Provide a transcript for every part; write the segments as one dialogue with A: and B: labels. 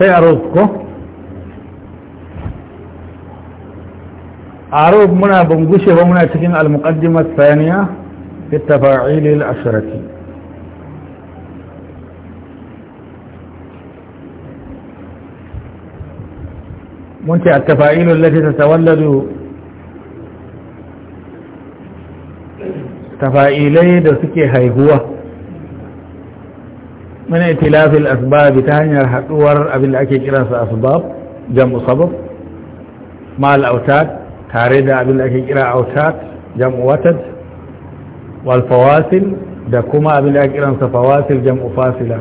A: sai aruf ko aruf muna bungushe ba muna cikin al-muqaddimar saniya fi tafa'ilil ashirati mun ce التفاعيل ta تتولد tafa'ilai da suke haihuwa mana tilafin asibab ta hanyar haɗuwar abin da ake kiransa asibab jam’u sabab ma’al tare da abin da ake kira autat jam’u watat walfawasil da kuma abin da ake kiransa fawasil jam’u fasila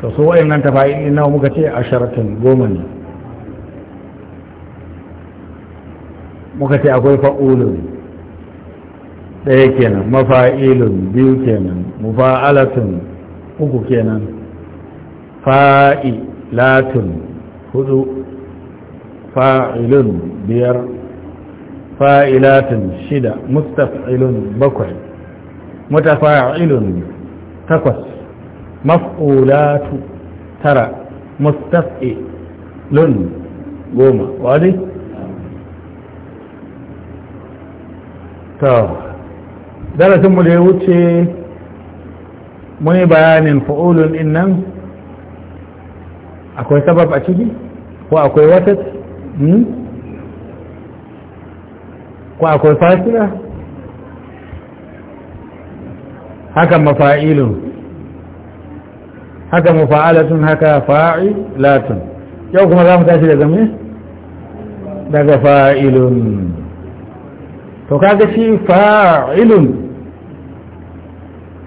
A: ta so wa’in nan tafa’in ina muka ce a sharatin goma ne muka ce akwai fa’ulun ɗaya kenan mafa’ilun biyu kenan mafa’alatun uku kenan fa'ilatun hudu fa'ilun biyar fa'ilatun shida mustaf'ilun bakwai mutafa'ilun takwas maf'ulatu tara mustaf'ilun goma wadi? ta darasinmu da ya wuce Muni bayanin fa'ulun in nan akwai sabab a ciki ko akwai watat hmm? ko akwai fasila haka mafa'ilun haka mafa'alatun haka fa'ilatun yau kuma za mu tashi daga me daga fa'ilun to kaga shi fa'ilun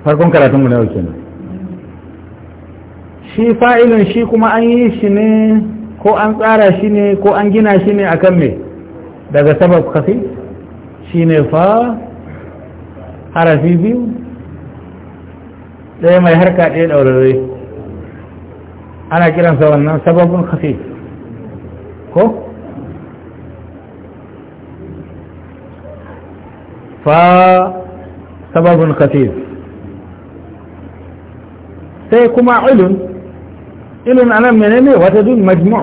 A: farkon karatun mu na yau kenan shi fa'ilin shi kuma an yi shi ne ko an tsara shi ne ko an gina shi ne akan me daga sabab kafi shi ne fa harafi biyu ɗaya mai harka ɗaya daurare ana kiransa wannan sababin kafi ko fa sababin kafi sai kuma ilun ilun anan menene wata dun majmu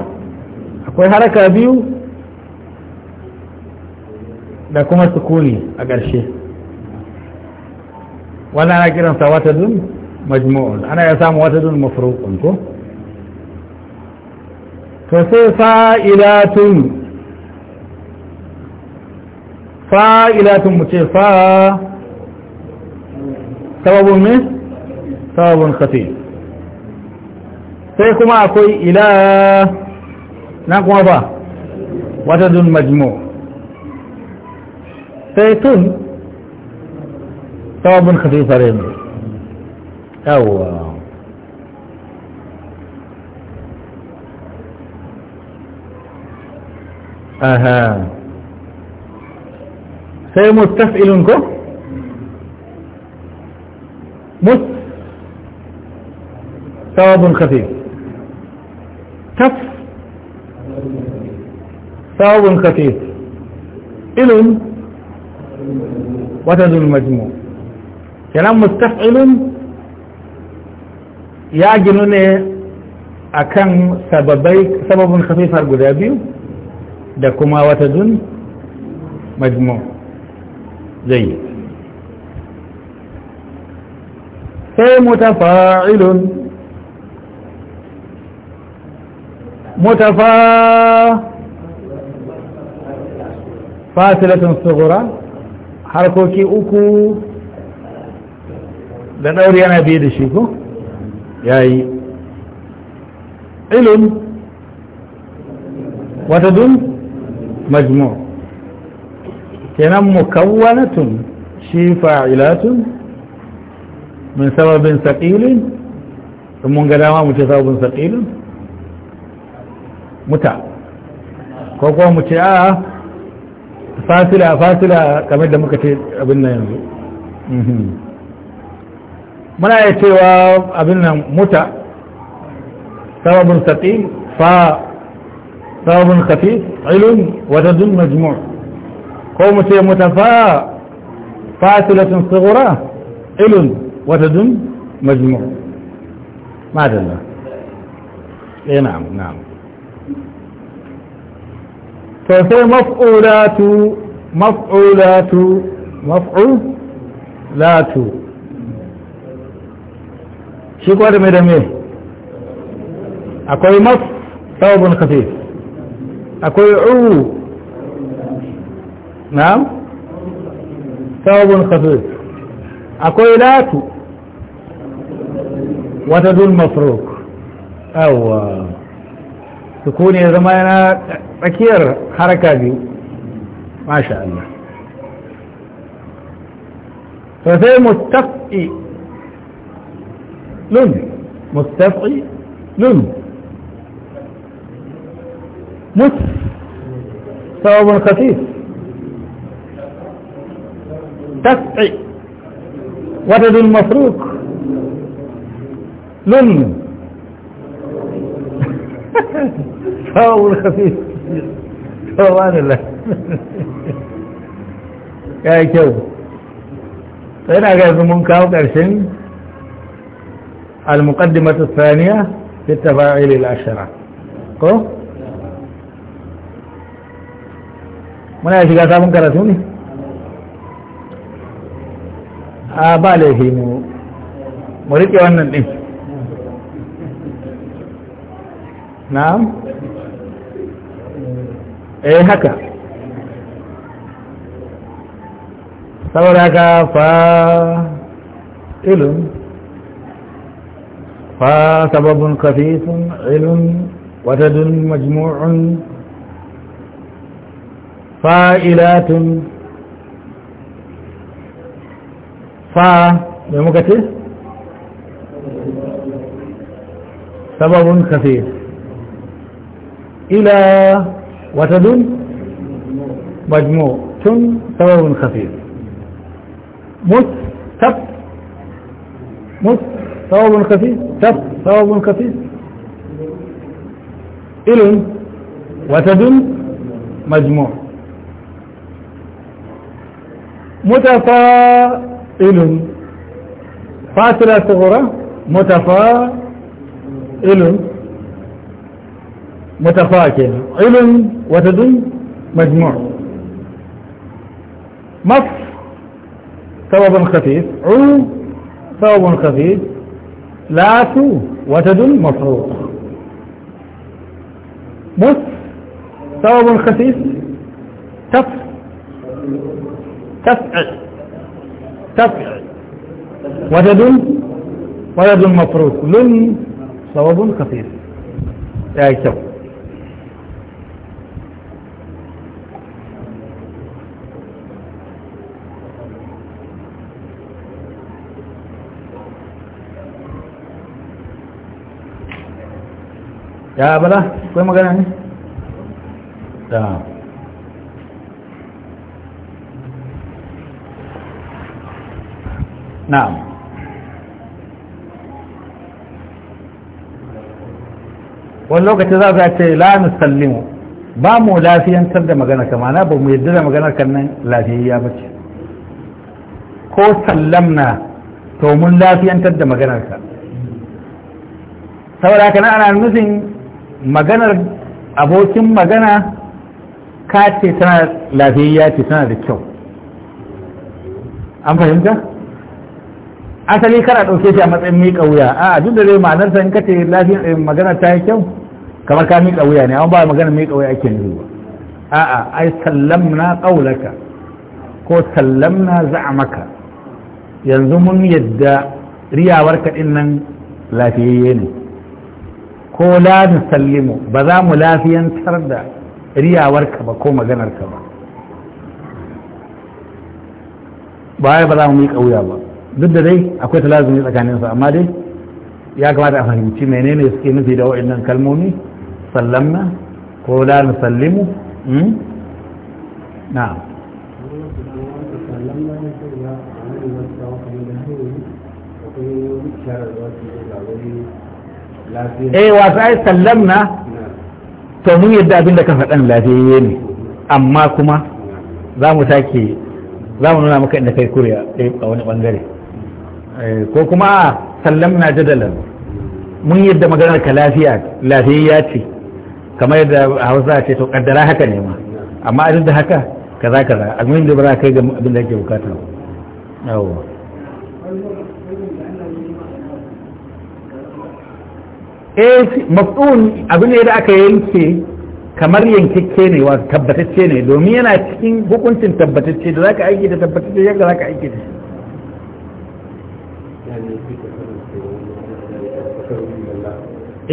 A: akwai haraka biyu da kuma sukuni a ƙarshe wannan ana kiransa wata dun majmu'un ana ya samu wata dun mafruqun ko to sai fa'ilatun fa'ilatun mu ce fa'a sababin ne sawabun khafi sai kuma akwai ila nan kuma ba watadun majmu sai tun sawabun khafi fare ne yawwa aha sai mustaf'ilun ko mustaf'ilun ثواب خفيف كف ثواب خفيف إل وتنزل المجموع كلام مستفعل ya ginu ne akan kan sababin hafifar guda biyu da kuma wata dun majmu zai sai mutafa'ilun mutafa fasilatun sugura harkoki uku da ɗauri yana biye da shi ko yayi ilm wata dun majmu kenan mukawwanatun shi fa'ilatun min sababin saƙilin in mun ga dama muke ce sababin saƙilin muta ko kuma mu ce a fasila fasila kamar da muka ce abin nan yanzu mhm. muna ya cewa abin nan muta sababin saƙi fa sababin khafi ilun wata dun majmu' ko mu ce muta fa fasilatun sigura ilun wata dun majmu' ma dalla eh na'am na'am to sai maf'ulatu maf'ulatu maf'ulatu shi kuwa da mai da me akwai maf sabon kafe akwai uru na'am sabon kafe akwai latu wata dun mafruk awwa تكون يا زمانا أكير حركة دي ما شاء الله فسي متفقي لن متفقي لن مت
B: صواب خفيف تفقي
A: ودد المفروك لن sawul khafi ya yi kyau sai na gaisu mun kawo ƙarshen al karshen المقدمة الثانية في التفاعيل ashara ko muna shiga sabon karatu ne a ba laifi mu mu riƙe wannan ɗin na'am eh haka sauraka ka fa ilm fa sababun kafifun ilm watadun majmu'un ilatun fa mai muka ce? sababun kafif ila وتدل مجموع سواء خفيف مت تب مت ثواب خفيف تب ثواب خفيف إل وتدل مجموع متفائل فاصلة صغرى متفائل متفاة علم وتدل مجموع مص ثوب خفيف عو ثوب خفيف لا تو وتدل مفروض مس ثوب خفيف تف تفع تفع وتدل ويد مفروض لن ثوب خفيف يا ya bala kai magana ne da na'am wani lokaci za su ce la nusallimu ba mu lafiyantar da magana kama na ba mu yadda da magana kannan nan lafiyayya ba ce ko sallamna to mun lafiyantar da magana ka saboda haka na ana nufin maganar abokin magana ka ce tana lafiyayya ce tana da kyau an fahimta asali kana ɗauke shi a matsayin miƙa wuya a duk da dai ma'anar in ka ce lafiyar eh, magana ta yi kyau kamar ka miƙa wuya ne an ba magana miƙa wuya ake nufi ba a'a ai sallamna qaulaka ko sallamna za'amaka yanzu mun yadda riyawar ka din nan lafiyayye ne ko la nusallimu ba za mu lafiyantar da riyawarka ba ko maganarka ba baya ba za mu yi kauya ba duk da dai akwai talazumi su amma dai ya kamata a fahimci menene suke nufi da wa'annan kalmomi sallamna ko la nusallimu hmm? na'am na. eh wasu ai sallamna to mun yadda abin da ka faɗan lafiyayye ne amma kuma za mu sake za mu nuna maka inda kai kure a wani bangare eh, ko kuma sallamna jadalan mun yadda maganar ka lafiya lafiyayya ce kamar yadda hausa ce to kaddara haka ne ma amma a duk da haka kaza kaza a da ba za kai ga abin da ake bukata yawa eh maf'ul abu ne da aka yanke kamar yankakke ne wa tabbatacce ne domin yana cikin hukuncin tabbatacce da zaka aiki da tabbatacce yadda zaka aiki da shi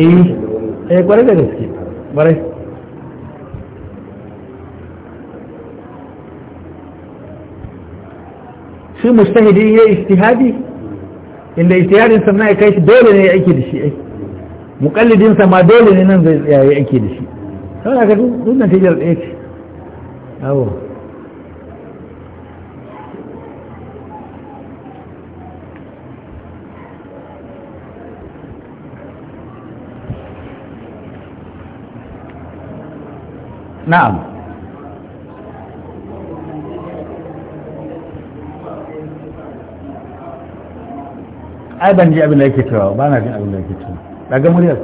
A: eh eh kware da gaske kwarai shi mustahidi ya yi istihadi inda istihadin sannan ya kai shi dole ne ya aiki da shi eh mukallidin sa ma dole ne nan zai tsayaye ake da shi saboda ka duk tijar ɗaya ce awo na'am ai ban ji abin da yake cewa ba na jin abin da yake cewa daga muryar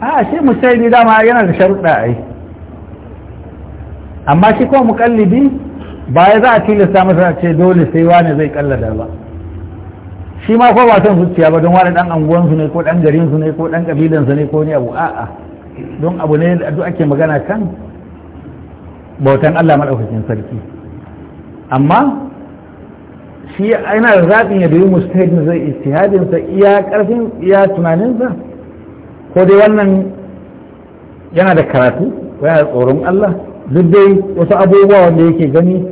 A: a shi mustahili dama yana da sharuɗa ai amma shi kuma muƙallibi ba ya za a tilasta masa ce dole sai wani zai kallada ba shi ma ko ba son zuciya ba don wani dan anguwansu ne ko dan garinsu ne ko dan kabilansu ne ko ne abu a'a don abu ne da ake magana kan bautan Allah maɗaukakin sarki amma shi yana da zaɓin ya biyu mustahid zai istihadinsa iya ƙarfin iya tunaninsa ko dai wannan yana da karatu ko yana da tsoron Allah duk dai wasu abubuwa wanda yake gani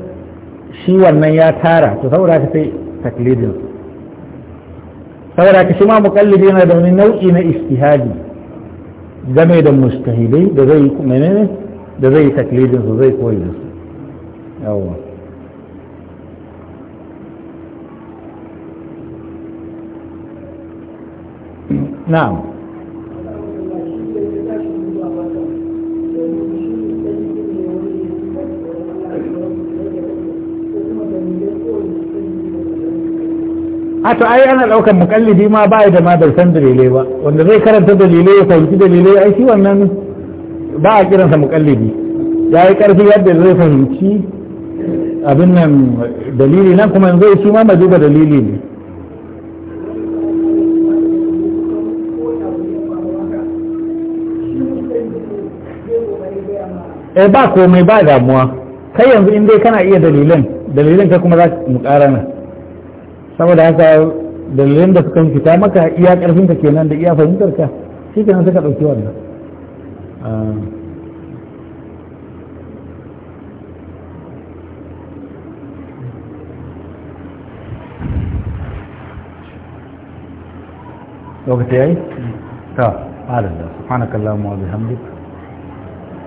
A: shi wannan ya tara to saboda ka sai taklidin saboda ka shi ma muƙallidi yana da wani nau'i na istihadi game da mustahidai da zai ne. da zai taklidin su zai koyi da su yawon na'am a to ai ana daukan mukallidi ma ba da ma bai san dalilai ba wanda zai karanta dalilai ya fahimci dalilai ai shi wannan ba a kiransa mukallidi ya yi karfi yadda zai fahimci abin nan dalili nan kuma yanzu su ma duba dalili ne E ba komai ba damuwa kai yanzu in dai kana iya dalilin dalilin ka kuma za mu na. saboda haka dalilin da suka fita maka iya karfin ka kenan da iya fahimtar ka shi kenan suka ɗauki wannan آه. وقت ايه طيب على الله سبحانك اللهم وبحمدك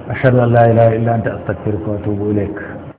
A: اشهد ان لا اله الا انت استغفرك
B: واتوب اليك